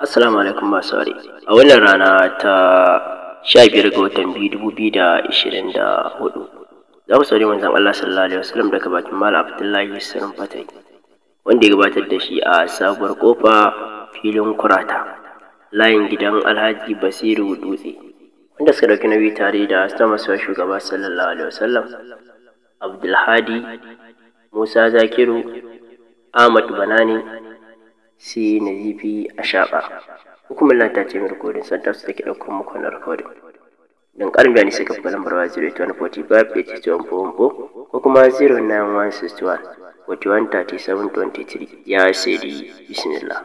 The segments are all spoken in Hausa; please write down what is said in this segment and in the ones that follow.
Assalamu alaikum masu ware. A wannan rana ta sha biyar ga watan biyu dubu biyu da ishirin da hudu. Za mu sauri manzan Allah sallallahu alaihi wasallam daga bakin mala Abdullahi Sanin Fatai wanda ya gabatar da shi a sabuwar kofa filin kurata layin gidan Alhaji Basiru Dutse wanda suka dauki nauyi tare da samasuwa shugaba sallallahu alaihi wasallam Abdulhadi Musa Zakiru Ahmad Banani sai na yi bi a shaƙa hukumar nan ta ce mai rikodin santa su take ɗaukar muku na rikodin don ƙarin bayani sai ka fi lambar wa 0845 ko kuma 09161 4137 23 ya sai di bismillah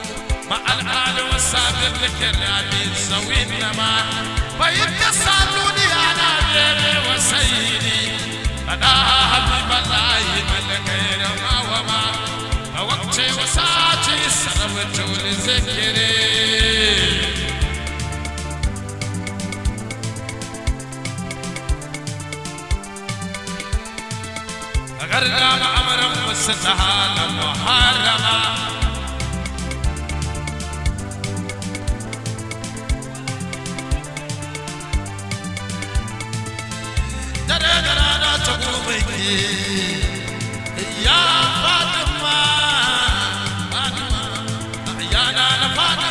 مع الآل والصابر لك العبيد سوي النما فيتصلون على غيري وسيدي فلا حبيب الله من غير ما وما فوقتي وساعتي سربت لذكري غرقا أمر مسلها لمحرما يا فاطمة فاطمة أحيانا فاطمة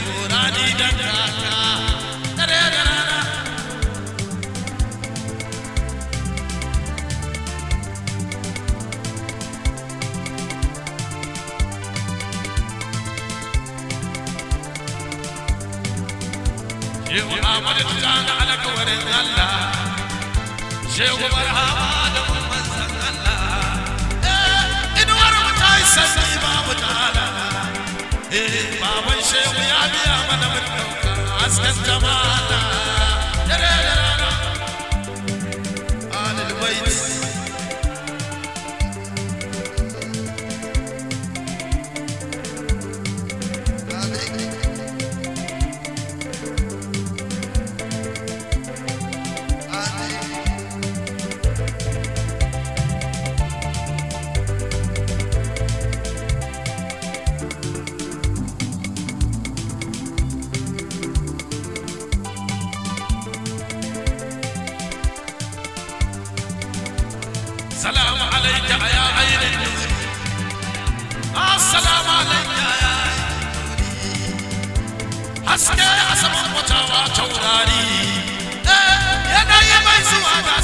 shegu barhama da manzan Allah inuwar mu ta yi sanni babu tara eh baban shegu ya biya mana mun dauka hasken jama'a عليك يا عين النور السلام عليك يا haske a saman kwatawa taurari yanayi mai zuwa da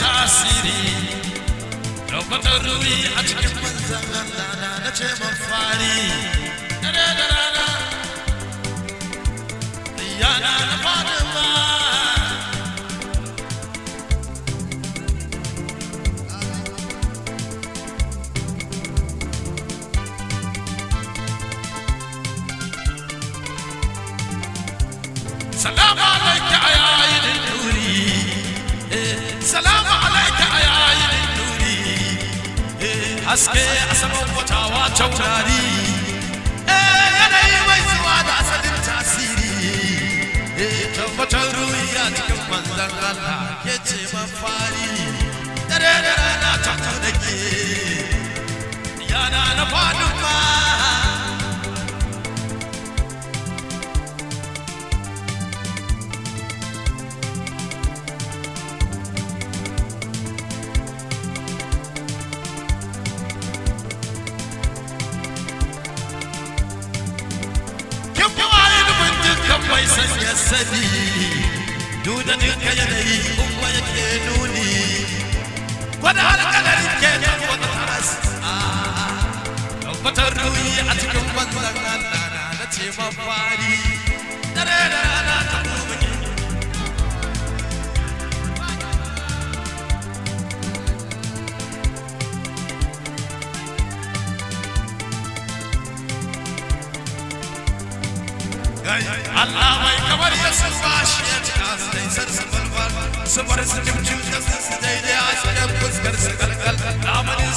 tasiri ɗaukatar ruwi a cikin manzan Allah na ce mafari سلام عليك يا عين النوري سلام عليك يا عين النوري haske a saman watawa taurari eh, yanayi mai zuwa da asalin tasiri eh, tabbatar ruhiya cikin manzan Allah ke ce mafari dare da rana ta ke yana na faɗin sani duda duka yanayi uwa yake nuni gwada alƙalarin ke nan wata taras tabbatar ruhi a cikin wannan na ce mafari dare da Allah mai kamar ya su bashi ya cika su dai san su balbal su bar su a cikin fuskar su kalkal lamarin